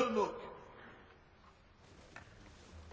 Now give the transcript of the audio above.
domů.